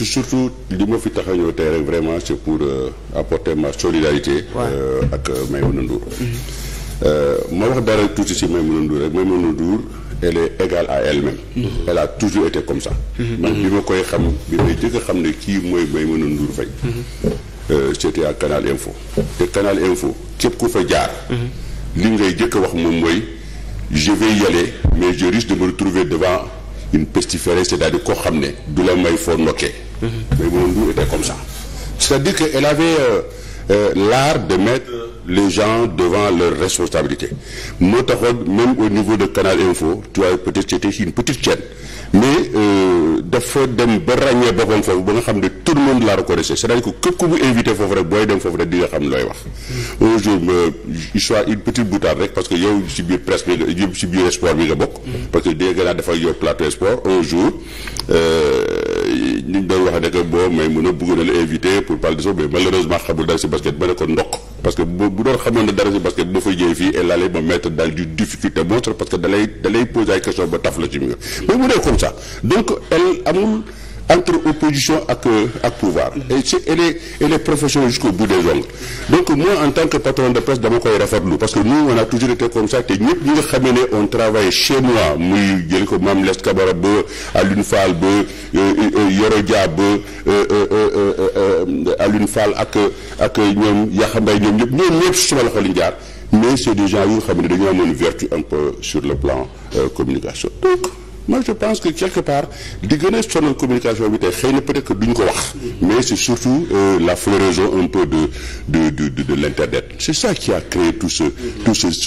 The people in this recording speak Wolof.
te surtout li ma fi tax a ñëw tey rek vraiment c'est pour euh, apporter ma solidarité. Euh, ak euh, a Ndour. Mhm. ma wax dara tuuti si Maïmouna a rek Maïmouna Ndour a est égale à a même mhm. elle a toujours été comme ça. Mhm. man bi ma koy xam bi may jëkk a xam ne kii mooy Maïmouna Ndour Faye. c'était à Canal Info. te Canal Info képp ku fa jaar. li ngay jëkk a wax moom mooy je vais mais je risque retrouver devant une pestiférée c'est-à-dire koo xam ne du la may foo nokkee. Maïmouna Ndour était comme ça cest a dire que elle avait euh, euh de mettre les gens devant leurs responsabilités moo taxoon même au niveau de Canal Info tu vois peut-être c'était une petite chaîne mais euh, dafa dem ba ràññee boppam foofu ba nga xam ni tout le monde la reconnaissait c'est-à-dire que képp ku mu foofu rek booy dem foofu rek di nga xam looy wax. un jour histoire une petite boutade rek parce que yow ci biir yow ci biir sport bi nga bokk. parce que dégg naa dafa yor plateau ñu doon wax ne que may mun a bëgg na la invité pour parler de ça mais malheureusement xamul dara si basket ma ne ndokk parce que bu doon xamoon ne dara si basket bu ma fa jëyee fii et là ma dans du difficulté monstre parce que dalay dalay poser ay question ba taf la ci mi nga mais mu dee comme ça donc elle amul entre opposition ak euh, ak pouvoir et c'est elle est elle est professionnelle jusqu'au bout des ongles donc moi en tant que patron de presse dama koy rafetlu parce que nous on a toujours été comme ça te ñëpp ñi nga xamee ne on travaille chez muy jël ko Mame Less Kabara ba Alioune Fall ba euh, euh, Yoro Dia ba Alioune Fall ak ak ñoom Yakhya Mbaye ñoom ñëpp ñoom ñëpp suma jaar mais c'est des gens nga xam ne dañoo amoon vertu un peu sur le plan communication donc moi je pense que quelque part di gën a sonal communication bi tey xëy na peut-être que duñ ko wax mais c'est surtout euh, la floraison un peu de de de l'internet c'est ça qui a créé tout ce tout ce